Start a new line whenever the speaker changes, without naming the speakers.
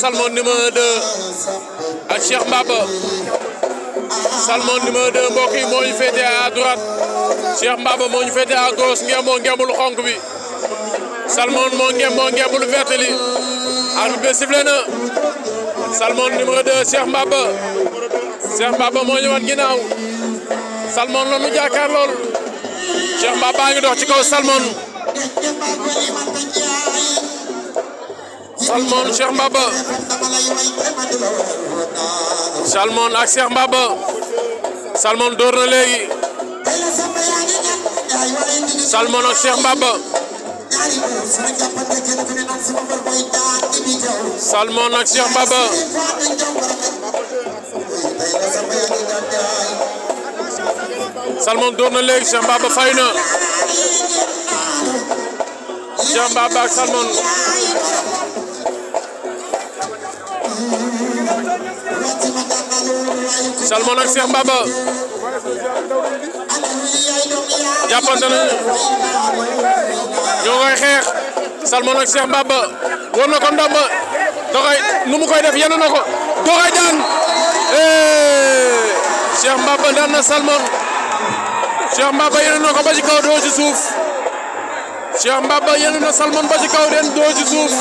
Salmon numéro 2 ak Cheikh Mbaba Salmon numéro 2 mbokk yi moo ñu féete à droite Cheikh Mbaba moo féete à gauche ngeen moo ngembul xonk bi Salmon moo ngem moo ngembul vert li arbitre bi sifflé na Salmon numéro 2 Cheikh Mbaba Cheikh Mbaba moo ñu wan ginnaaw Salmon la nu jàkkaar lool Cheikh Mbaba a ngi dox ci kaw Salmon Salmon Cheikh Mbaba Salmon ak Cheikh Mbaba Salmon door na Salmon ak Cheikh Mbaba Salmon ak Cheikh Mbaba Salmon door na léegi Cheikh Mbaba fay na ak Salmon Salmon ak Cheikh Mbaba jàppante ñoo koy xeex Salmon ak Cheikh Mbaba war na ko ndomba koy def yenu na ko daan eh! Cheikh Mbaba daan na Salmon Cheikh Mbaba yenu na kaw doo ci suuf